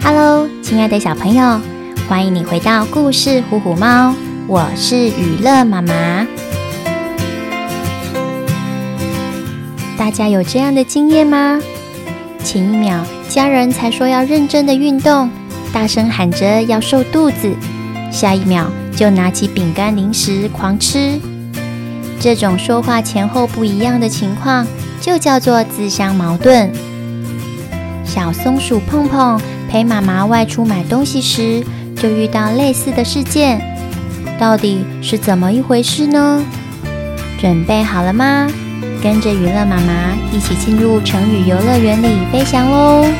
Hello，親愛的小朋友，歡迎你回到故事《虎虎貓》。我是雨樂媽媽。大家有這樣的經驗嗎？前一秒家人才說要認真的運動，大聲喊着要瘦肚子，下一秒就拿起餅乾零食狂吃。這種說話前後不一樣的情況，就叫做自相矛盾。小松鼠澎澎。陪媽媽外出買東西時，就遇到類似的事件，到底是怎麼一回事呢？準備好了嗎？跟着雲樂媽媽一起進入成語遊樂園裡飛翔嘍！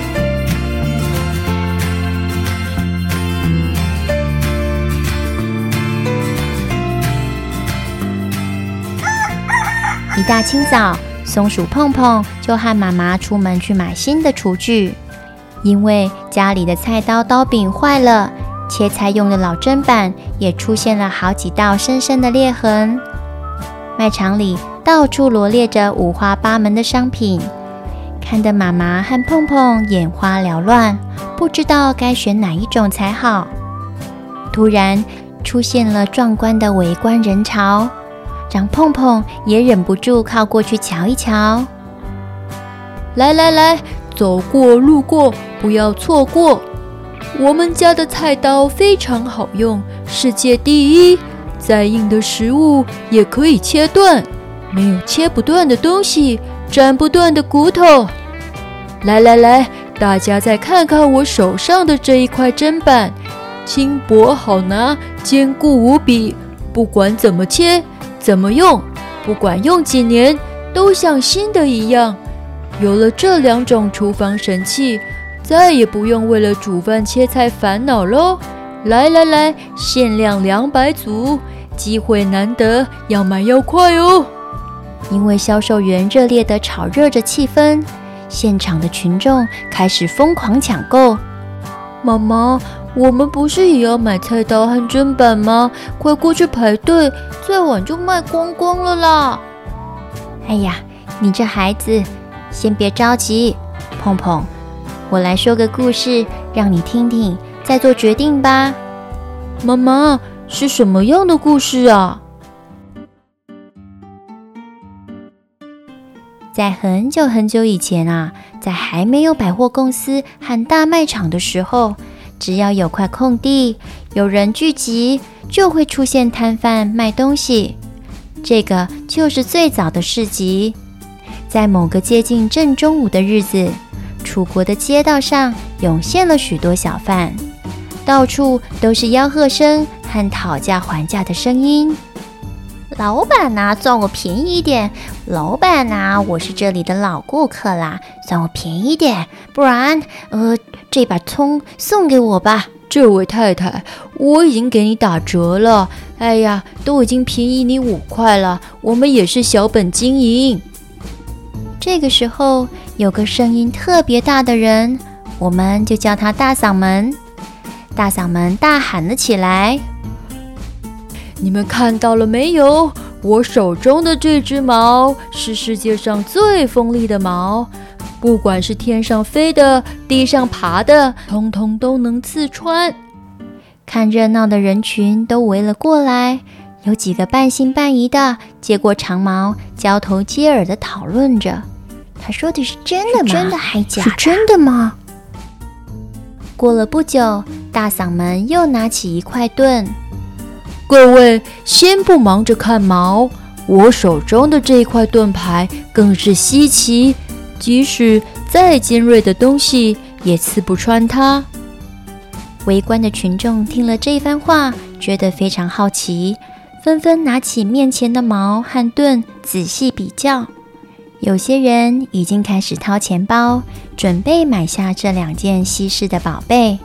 一大清早，松鼠澎澎就和媽媽出門去買新的廚具。因為家裡的菜刀刀柄壞了，切菜用的老砧板也出現了好幾道深深的裂痕。賣場裡到處羅列着五花八門的商品，看得媽媽和澎澎眼花繚亂，不知道該選哪一種才好。突然出現了壯觀的圍觀人潮，讓澎澎也忍不住靠過去瞧一瞧。來來來，走過路過，不要錯過，我們家的菜刀非常好用，世界第一，再硬的食物也可以切斷，沒有切不斷的東西，斬不斷的骨頭。來來來，大家再看看我手上的這一塊砧板，輕薄好拿，堅固無比，不管怎麼切，怎麼用，不管用幾年，都像新的一樣。有了這兩種廚房神器，再也不用為了煮飯切菜煩惱嘍！來來來，限量兩百組，機會難得，要買要快哦！因為銷售員熱烈地炒熱着氣氛，現場的群眾開始瘋狂搶購。媽媽，我們不是也要買菜刀和砧板嗎？快過去排隊，再晚就賣光光了啦！哎呀，你這孩子，先別着急，澎澎。我來說個故事，讓你聽聽，再做決定吧。媽媽，是什麼樣的故事啊？在很久很久以前啊，在還沒有百貨公司和大賣場的時候，只要有塊空地，有人聚集，就會出現攤販賣東西。這個就是最早的市集。在某個接近正中午的日子，楚國的街道上湧現了許多小販，到處都是吆喝聲和討價還價的聲音。老闆吶、啊，算我便宜一點！老闆吶、啊，我是這裡的老顧客啦，算我便宜一點，不然，呃，這把蔥送給我吧。這位太太，我已經給你打折了。哎呀，都已經便宜你五塊了，我們也是小本經營。這個時候。有個聲音特別大的人，我們就叫他大嗓門。大嗓門大喊了起來：“你們看到了沒有？我手中的這只矛是世界上最鋒利的矛，不管是天上飛的，地上爬的，通通都能刺穿。”看熱鬧的人群都圍了過來，有幾個半信半疑的接過長矛，交頭接耳地討論着。他說的是真的嗎？是真的還假的？是真的嗎？過了不久，大嗓門又拿起一塊盾。各位，先不忙着看矛，我手中的這塊盾牌更是稀奇，即使再尖銳的東西也刺不穿它。圍觀的群眾聽了這番話，覺得非常好奇，紛紛拿起面前的矛和盾仔細比較。有些人已經開始掏錢包，準備買下這兩件稀世的寶貝。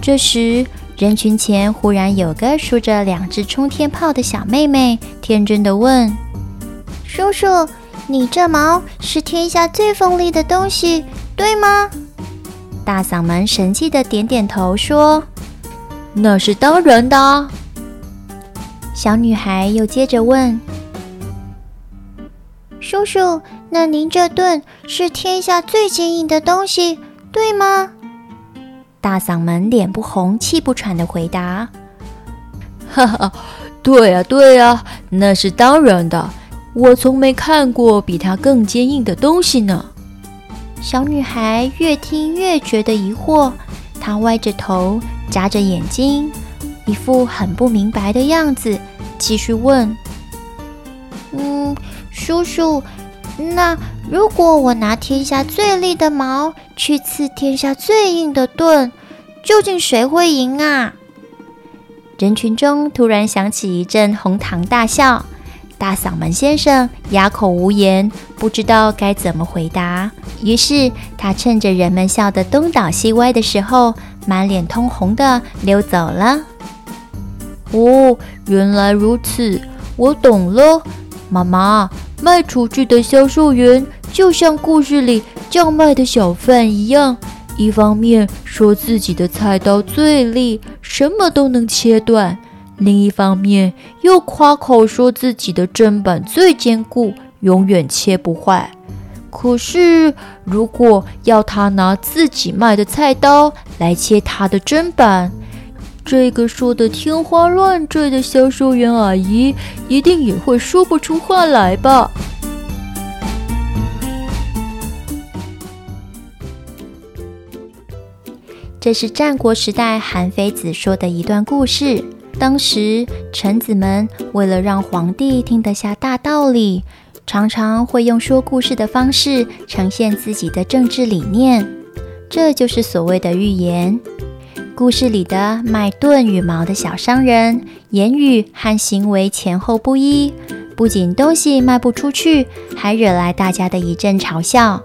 這時，人群前忽然有個梳着兩隻沖天炮的小妹妹，天真的問：“叔叔，你這矛是天下最鋒利的東西，對嗎？”大嗓門神氣的點點頭說：“那是當然的。”小女孩又接着問。叔叔，那您這盾是天下最堅硬的東西，對嗎？大嗓門臉不紅氣不喘的回答：“哈 哈、啊，對呀對呀，那是當然的，我從沒看過比它更堅硬的東西呢。”小女孩越聽越覺得疑惑，她歪着頭，眨着眼睛，一副很不明白的樣子，繼續問：“嗯。”叔叔，那如果我拿天下最利的矛去刺天下最硬的盾，究竟誰會贏啊？人群中突然響起一陣鬨堂大笑，大嗓門先生啞口無言，不知道該怎麼回答。於是他趁着人們笑得東倒西歪的時候，滿臉通紅地溜走了。哦，原來如此，我懂了，媽媽。賣廚具的銷售員就像故事裡叫賣的小販一樣，一方面說自己的菜刀最利，什麼都能切斷；另一方面又誇口說自己的砧板最堅固，永遠切不壞。可是，如果要他拿自己賣的菜刀來切他的砧板，這個說得天花亂墜的銷售員阿姨，一定也會說不出話來吧？這是戰國時代韓非子說的一段故事。當時臣子們為了讓皇帝聽得下大道理，常常會用說故事的方式呈現自己的政治理念，這就是所謂的寓言。故事裡的賣盾與矛的小商人，言語和行為前後不一，不僅東西賣不出去，還惹來大家的一陣嘲笑。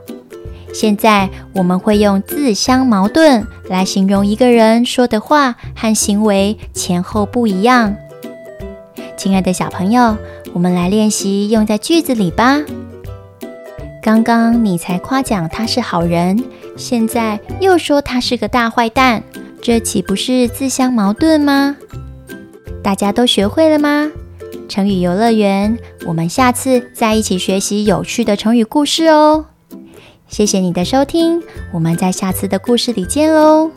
現在我們會用“自相矛盾”來形容一個人說的話和行為前後不一樣。親愛的小朋友，我們來練習用在句子裡吧。剛剛你才誇獎他是好人，現在又說他是個大壞蛋。這豈不是自相矛盾嗎？大家都學會了嗎？成語遊樂園，我們下次再一起學習有趣的成語故事哦。謝謝你的收聽，我們在下次的故事裡見哦。